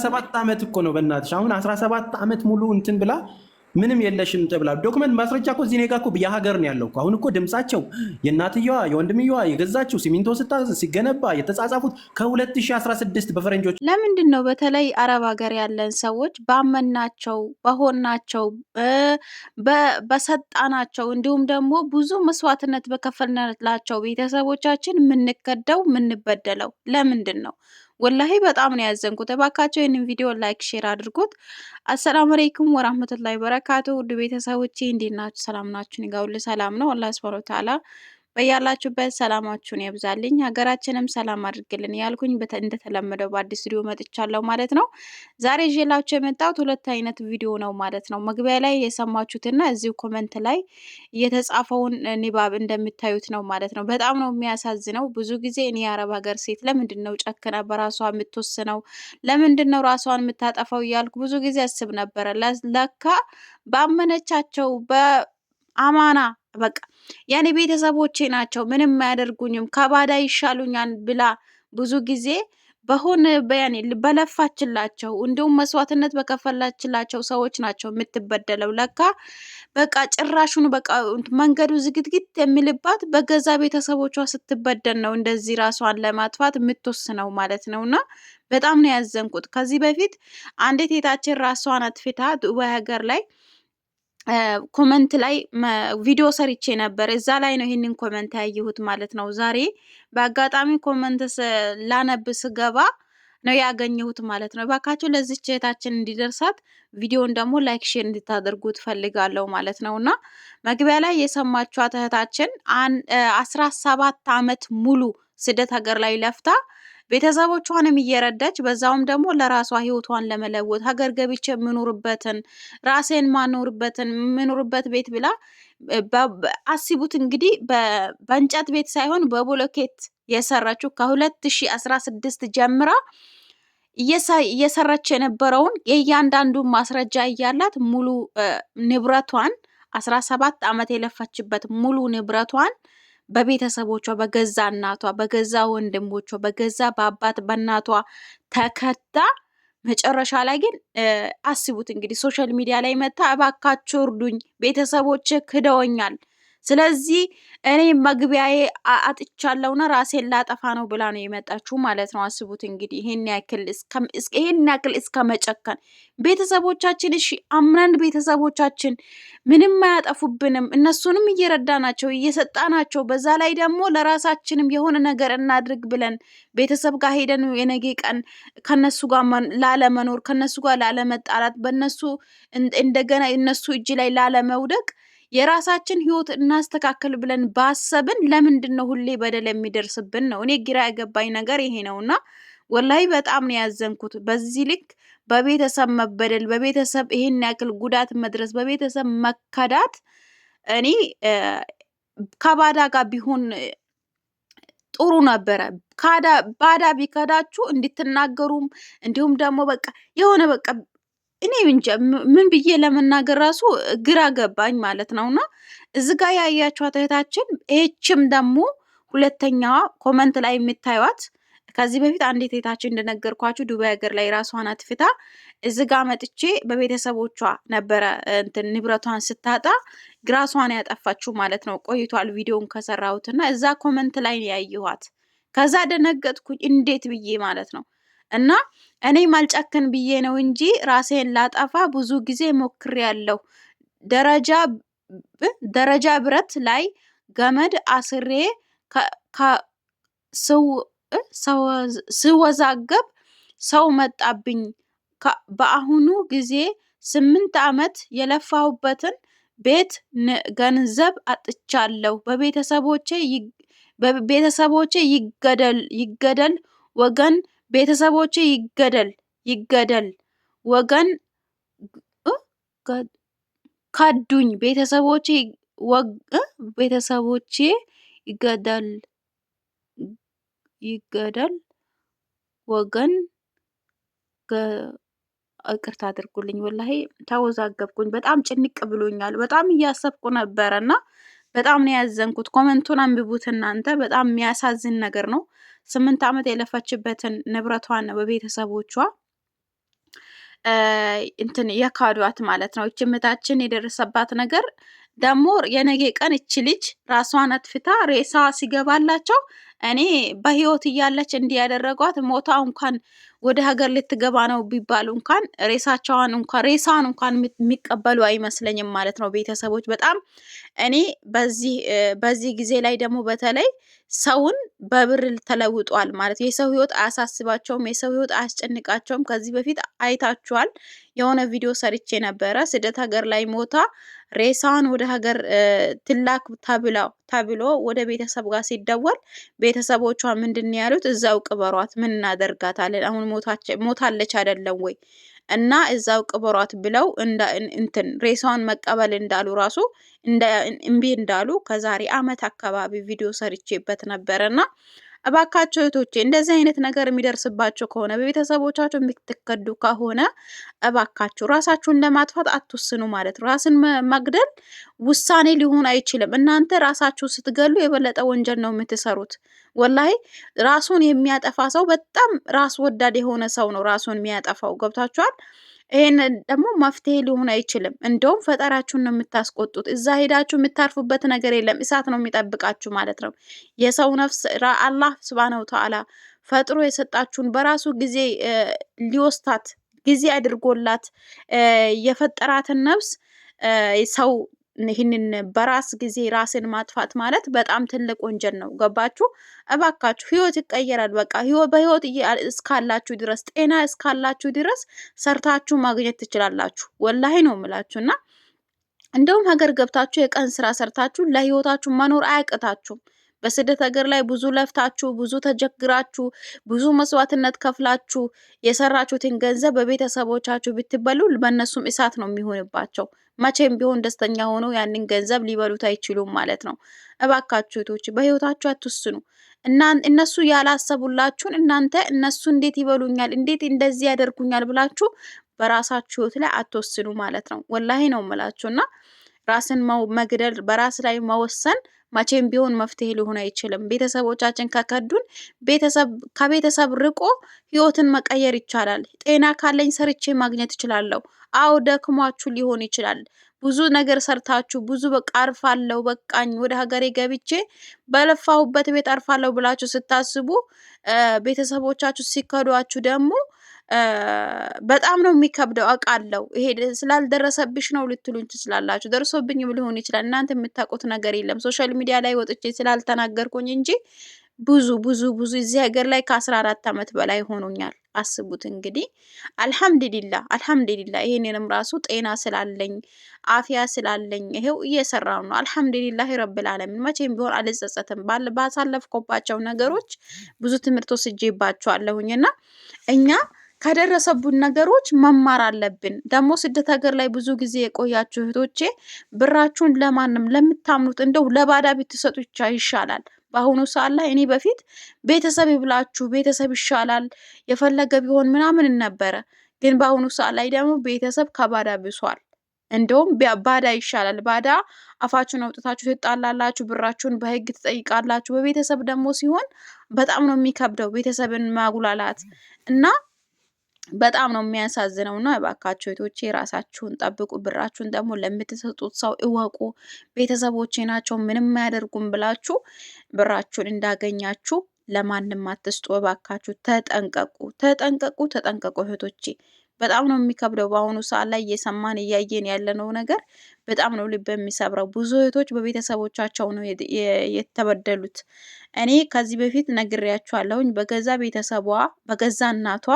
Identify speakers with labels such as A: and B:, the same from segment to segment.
A: 17 ዓመት እኮ ነው በእናትሽ። አሁን 17 ዓመት ሙሉ እንትን ብላ ምንም የለሽም ተብላ ዶክመንት ማስረጃ እኮ እዚህ እኮ የሀገር ነው ያለው። አሁን እኮ ድምፃቸው የእናትየዋ የወንድምየዋ የገዛችው ሲሚንቶ ስታ ሲገነባ የተጻጻፉት ከ2016 በፈረንጆች።
B: ለምንድን ነው በተለይ አረብ ሀገር ያለን ሰዎች ባመናቸው በሆናቸው በሰጣናቸው እንዲሁም ደግሞ ብዙ መስዋዕትነት በከፈልናላቸው ቤተሰቦቻችን የምንከደው የምንበደለው ለምንድን ነው? ወላሂ በጣም ነው ያዘንኩት። እባካቸው ይህንን ቪዲዮ ላይክ፣ ሼር አድርጉት። አሰላሙ አለይኩም ወራህመቱላሂ በረካቱ። ውድ ቤተሰቦቼ እንዴት ናችሁ? ሰላም ናችሁ? ይጋውል ሰላም ነው። አላህ ሱብሃነሁ ወተዓላ በያላችሁበት ሰላማችሁን ያብዛልኝ፣ ሀገራችንም ሰላም አድርግልን ያልኩኝ እንደተለመደው በአዲስ ቪዲዮ መጥቻለሁ ማለት ነው። ዛሬ ይዤላችሁ የመጣሁት ሁለት አይነት ቪዲዮ ነው ማለት ነው። መግቢያ ላይ የሰማችሁትና እዚሁ ኮመንት ላይ የተጻፈውን ኒባብ እንደምታዩት ነው ማለት ነው። በጣም ነው የሚያሳዝነው። ብዙ ጊዜ እኔ የአረብ ሀገር ሴት ለምንድን ነው ጨክና በራሷ የምትወስነው? ለምንድን ነው ራሷን የምታጠፋው? እያልኩ ብዙ ጊዜ አስብ ነበረ። ለካ ባመነቻቸው አማና በቃ ያኔ ቤተሰቦቼ ናቸው፣ ምንም አያደርጉኝም፣ ከባዳ ይሻሉኛል ብላ ብዙ ጊዜ በሆነ በያኔ በለፋችላቸው እንዲሁም መስዋዕትነት በከፈላችላቸው ሰዎች ናቸው የምትበደለው። ለካ በቃ ጭራሹን በቃ መንገዱ ዝግትግት የሚልባት በገዛ ቤተሰቦቿ ስትበደል ነው እንደዚህ ራሷን ለማጥፋት የምትወስነው ማለት ነው። እና በጣም ነው ያዘንኩት። ከዚህ በፊት አንዲት የታችን ራሷን አጥፍታ ዱባይ ሀገር ላይ ኮመንት ላይ ቪዲዮ ሰርቼ ነበር። እዛ ላይ ነው ይሄንን ኮመንት ያየሁት ማለት ነው። ዛሬ በአጋጣሚ ኮመንት ላነብ ስገባ ነው ያገኘሁት ማለት ነው። ባካችሁ ለዚህ እህታችን እንዲደርሳት ቪዲዮን ደግሞ ላይክ፣ ሼር እንድታደርጉ ትፈልጋለሁ ማለት ነው እና መግቢያ ላይ የሰማችኋት እህታችን አስራ ሰባት አመት ሙሉ ስደት ሀገር ላይ ለፍታ ቤተሰቦቿንም እየረዳች በዛውም ደግሞ ለራሷ ህይወቷን ለመለወጥ ሀገር ገብቼ የምኖርበትን ራሴን ማኖርበትን የምኖርበት ቤት ብላ አስቡት እንግዲህ በእንጨት ቤት ሳይሆን በቦሎኬት የሰራችው ከሁለት ሺህ አስራ ስድስት ጀምራ እየሰራች የነበረውን የእያንዳንዱ ማስረጃ እያላት ሙሉ ንብረቷን አስራ ሰባት ዓመት የለፋችበት ሙሉ ንብረቷን በቤተሰቦቿ በገዛ እናቷ በገዛ ወንድሞቿ በገዛ በአባት በእናቷ ተከታ መጨረሻ ላይ ግን አስቡት እንግዲህ ሶሻል ሚዲያ ላይ መታ እባካችሁ እርዱኝ፣ ቤተሰቦች ክደውኛል፣ ስለዚህ እኔ መግቢያዬ አጥቻለሁና ራሴን ላጠፋ ነው ብላ ነው የመጣችሁ ማለት ነው። አስቡት እንግዲህ ይሄን ያክል ይሄን ያክል እስከ መጨከን ቤተሰቦቻችን፣ እሺ አምነን ቤተሰቦቻችን ምንም አያጠፉብንም፣ እነሱንም እየረዳናቸው እየሰጣናቸው፣ በዛ ላይ ደግሞ ለራሳችንም የሆነ ነገር እናድርግ ብለን ቤተሰብ ጋር ሄደን የነገ ቀን ከነሱ ጋር ላለመኖር ከነሱ ጋር ላለመጣላት በነሱ እንደገና እነሱ እጅ ላይ ላለመውደቅ የራሳችን ህይወት እናስተካከል ብለን ባሰብን ለምንድን ነው ሁሌ በደል የሚደርስብን ነው? እኔ ግራ የገባኝ ነገር ይሄ ነውና ወላይ በጣም ነው ያዘንኩት። በዚህ ልክ በቤተሰብ መበደል፣ በቤተሰብ ይሄን ያክል ጉዳት መድረስ፣ በቤተሰብ መከዳት እኔ ከባዳ ጋር ቢሆን ጥሩ ነበረ። ባዳ ቢከዳችሁ እንድትናገሩም እንዲሁም ደግሞ በቃ የሆነ በቃ እኔ ምን ብዬ ለመናገር ራሱ ግራ ገባኝ ማለት ነው። እና እዚ ጋ ያያችኋት እህታችን ይህችም ደግሞ ሁለተኛዋ ኮመንት ላይ የምታዩት ከዚህ በፊት አንዲት እህታችን እንደነገርኳችሁ ዱባይ ሀገር ላይ ራሷን አትፍታ እዚ ጋ መጥቼ በቤተሰቦቿ ነበረ እንትን ንብረቷን ስታጣ ግራሷን ያጠፋችሁ ማለት ነው። ቆይቷል ቪዲዮን ከሰራሁት እና እዛ ኮመንት ላይ ያየኋት ከዛ ደነገጥኩኝ። እንዴት ብዬ ማለት ነው እና እኔ ማልጨክን ብዬ ነው እንጂ ራሴን ላጠፋ ብዙ ጊዜ ሞክሬያለሁ። ደረጃ ብረት ላይ ገመድ አስሬ ስወዛገብ ሰው መጣብኝ። በአሁኑ ጊዜ ስምንት ዓመት የለፋሁበትን ቤት ገንዘብ አጥቻለሁ። በቤተሰቦቼ ይገደል ወገን ቤተሰቦቼ ይገደል ይገደል ወገን ካዱኝ ቤተሰቦቼ ቤተሰቦቼ ይገደል ይገደል ወገን ይቅርታ አድርጉልኝ። ወላሂ ተወዛገብኩኝ። በጣም ጭንቅ ብሎኛል። በጣም እያሰብኩ ነበረ እና በጣም ነው ያዘንኩት። ኮመንቱን አንብቡት እናንተ። በጣም የሚያሳዝን ነገር ነው። ስምንት ዓመት የለፈችበትን ንብረቷን በቤተሰቦቿ እንትን የካዷት ማለት ነው። እች የደረሰባት ነገር ደግሞ የነገ ቀን እች ልጅ ራሷን አጥፍታ ሬሳ ሲገባላቸው እኔ በህይወት እያለች እንዲህ ያደረጓት ሞታ እንኳን ወደ ሀገር ልትገባ ነው ቢባሉ እንኳን ሬሳቸዋን እንኳን ሬሳን እንኳን የሚቀበሉ አይመስለኝም ማለት ነው። ቤተሰቦች በጣም እኔ በዚህ ጊዜ ላይ ደግሞ በተለይ ሰውን በብር ተለውጧል ማለት የሰው ህይወት አያሳስባቸውም፣ የሰው ህይወት አያስጨንቃቸውም። ከዚህ በፊት አይታችኋል። የሆነ ቪዲዮ ሰርቼ ነበረ። ስደት ሀገር ላይ ሞታ ሬሳዋን ወደ ሀገር ትላክ ተብሎ ወደ ቤተሰብ ጋር ሲደወል ቤተሰቦቿ ምንድን ያሉት? እዛው ቅበሯት፣ ምን እናደርጋታለን? አሁን ሞታለች አይደለም ወይ? እና እዛው ቅበሯት ብለው እንትን ሬሳውን መቀበል እንዳሉ ራሱ እምቢ እንዳሉ ከዛሬ አመት አካባቢ ቪዲዮ ሰርቼበት ነበረና እባካቸው እህቶቼ እንደዚህ አይነት ነገር የሚደርስባቸው ከሆነ በቤተሰቦቻቸው የምትከዱ ከሆነ እባካችሁ ራሳችሁን ለማጥፋት አትወስኑ ማለት ነው። ራስን መግደል ውሳኔ ሊሆን አይችልም። እናንተ ራሳችሁ ስትገሉ የበለጠ ወንጀል ነው የምትሰሩት። ወላሂ ራሱን የሚያጠፋ ሰው በጣም ራስ ወዳድ የሆነ ሰው ነው ራሱን የሚያጠፋው። ገብታችኋል? ይሄን ደግሞ መፍትሄ ሊሆን አይችልም። እንደውም ፈጠራችሁን ነው የምታስቆጡት። እዛ ሄዳችሁ የምታርፉበት ነገር የለም። እሳት ነው የሚጠብቃችሁ ማለት ነው። የሰው ነፍስ አላህ ስብሃነሁ ተዓላ ፈጥሮ የሰጣችሁን በራሱ ጊዜ ሊወስታት ጊዜ አድርጎላት የፈጠራትን ነፍስ ሰው ይህንን በራስ ጊዜ ራስን ማጥፋት ማለት በጣም ትልቅ ወንጀል ነው። ገባችሁ? እባካችሁ ህይወት ይቀየራል። በቃ በህይወት እስካላችሁ ድረስ ጤና እስካላችሁ ድረስ ሰርታችሁ ማግኘት ትችላላችሁ። ወላሂ ነው የምላችሁ እና እንደውም ሀገር ገብታችሁ የቀን ስራ ሰርታችሁ ለህይወታችሁ መኖር አያቅታችሁም። በስደት ሀገር ላይ ብዙ ለፍታችሁ ብዙ ተቸግራችሁ ብዙ መስዋዕትነት ከፍላችሁ የሰራችሁትን ገንዘብ በቤተሰቦቻችሁ ብትበሉ በእነሱም እሳት ነው የሚሆንባቸው። መቼም ቢሆን ደስተኛ ሆነው ያንን ገንዘብ ሊበሉት አይችሉም ማለት ነው። እባካችሁ እህቶች በህይወታችሁ አትወስኑ። እነሱ ያላሰቡላችሁን እናንተ እነሱ እንዴት ይበሉኛል፣ እንዴት እንደዚህ ያደርጉኛል ብላችሁ በራሳችሁ ህይወት ላይ አትወስኑ ማለት ነው። ወላሂ ነው የምላችሁ እና ራስን መግደል በራስ ላይ መወሰን መቼም ቢሆን መፍትሄ ሊሆን አይችልም። ቤተሰቦቻችን ከከዱን ቤተሰብ ከቤተሰብ ርቆ ህይወትን መቀየር ይቻላል። ጤና ካለኝ ሰርቼ ማግኘት እችላለሁ። አዎ ደክሟችሁ ሊሆን ይችላል። ብዙ ነገር ሰርታችሁ ብዙ በቃ አርፋለሁ፣ በቃኝ፣ ወደ ሀገሬ ገብቼ በለፋሁበት ቤት አርፋለሁ ብላችሁ ስታስቡ ቤተሰቦቻችሁ ሲከዷችሁ ደግሞ በጣም ነው የሚከብደው አውቃለሁ። ይሄ ስላልደረሰብሽ ነው ልትሉኝ ትችላላችሁ። ደርሶብኝም ሊሆን ይችላል። እናንተ የምታውቁት ነገር የለም። ሶሻል ሚዲያ ላይ ወጥቼ ስላልተናገርኩኝ እንጂ ብዙ ብዙ ብዙ እዚህ ሀገር ላይ ከአስራ አራት ዓመት በላይ ሆኖኛል። አስቡት እንግዲህ አልሐምድሊላ አልሐምድሊላ ይሄንንም ራሱ ጤና ስላለኝ አፊያ ስላለኝ ይሄው እየሰራው ነው። አልሐምድሊላ ረብል መቼም ቢሆን አልጸጸትም። ባሳለፍኮባቸው ነገሮች ብዙ ትምህርት ወስጄባቸዋለሁኝ እና እኛ ከደረሰቡን ነገሮች መማር አለብን። ደግሞ ስደት ሀገር ላይ ብዙ ጊዜ የቆያችሁ እህቶቼ ብራችሁን ለማንም ለምታምኑት እንደው ለባዳ ብትሰጡ ይሻላል። በአሁኑ ሰዓት ላይ እኔ በፊት ቤተሰብ ይብላችሁ፣ ቤተሰብ ይሻላል፣ የፈለገ ቢሆን ምናምን ነበረ። ግን በአሁኑ ሰዓት ላይ ደግሞ ቤተሰብ ከባዳ ብሷል። እንደውም ባዳ ይሻላል። ባዳ አፋችሁን አውጥታችሁ ትጣላላችሁ፣ ብራችሁን በህግ ትጠይቃላችሁ። በቤተሰብ ደግሞ ሲሆን በጣም ነው የሚከብደው ቤተሰብን ማጉላላት እና በጣም ነው የሚያሳዝነው እና እባካችሁ እህቶቼ ራሳችሁን ጠብቁ። ብራችሁን ደግሞ ለምትሰጡት ሰው እወቁ። ቤተሰቦቼ ናቸው ምንም አያደርጉም ብላችሁ ብራችሁን እንዳገኛችሁ ለማንም አትስጡ። እባካችሁ ተጠንቀቁ፣ ተጠንቀቁ፣ ተጠንቀቁ እህቶቼ። በጣም ነው የሚከብደው። በአሁኑ ሰዓት ላይ እየሰማን እያየን ያለነው ነገር በጣም ነው ልብ የሚሰብረው። ብዙ እህቶች በቤተሰቦቻቸው ነው የተበደሉት። እኔ ከዚህ በፊት ነግሬያችኋለሁኝ። በገዛ ቤተሰቧ በገዛ እናቷ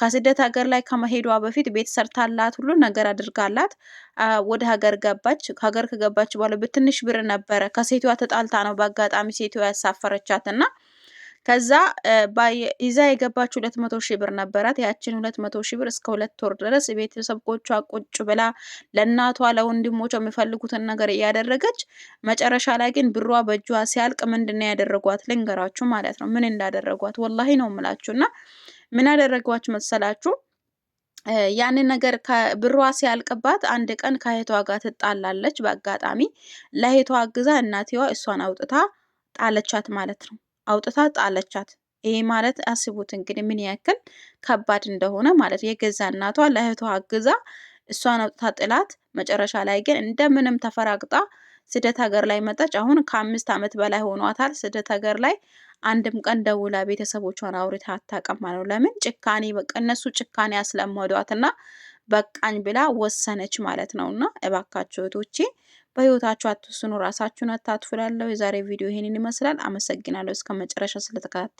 B: ከስደት ሀገር ላይ ከመሄዷ በፊት ቤት ሰርታላት ሁሉ ነገር አድርጋላት ወደ ሀገር ገባች። ሀገር ከገባች በኋላ በትንሽ ብር ነበረ ከሴቷ ተጣልታ ነው በአጋጣሚ ሴቷ ያሳፈረቻት እና ከዛ ይዛ የገባች ሁለት መቶ ሺህ ብር ነበራት። ያችን ሁለት መቶ ሺህ ብር እስከ ሁለት ወር ድረስ ቤተሰቦቿ ቁጭ ብላ ለእናቷ ለወንድሞቿ የሚፈልጉትን ነገር እያደረገች መጨረሻ ላይ ግን ብሯ በእጇ ሲያልቅ ምንድን ነው ያደረጓት? ልንገራችሁ ማለት ነው ምን እንዳደረጓት ወላሂ ነው የምላችሁ እና ምን ያደረገዋችሁ መሰላችሁ? ያንን ነገር ብሯ ሲያልቅባት አንድ ቀን ከእህቷ ጋር ትጣላለች። በአጋጣሚ ለእህቷ አግዛ እናትዋ እሷን አውጥታ ጣለቻት ማለት ነው። አውጥታ ጣለቻት። ይሄ ማለት አስቡት እንግዲህ ምን ያክል ከባድ እንደሆነ ማለት የገዛ እናቷ ለእህቷ አግዛ እሷን አውጥታ ጥላት፣ መጨረሻ ላይ ግን እንደምንም ተፈራግጣ ስደት ሀገር ላይ መጣች። አሁን ከአምስት ዓመት በላይ ሆኗታል ስደት ሀገር ላይ አንድም ቀን ደውላ ቤተሰቦቿን አውርታ አታውቅም ነው። ለምን ጭካኔ በቃ እነሱ ጭካኔ ያስለመዷት ያስለመዷትና በቃኝ ብላ ወሰነች ማለት ነው። እና እባካቸው እህቶቼ በህይወታችሁ አትስኑ፣ ራሳችሁን አታጥፉ። የዛሬ ቪዲዮ ይሄንን ይመስላል። አመሰግናለሁ እስከ መጨረሻ ስለተከታተል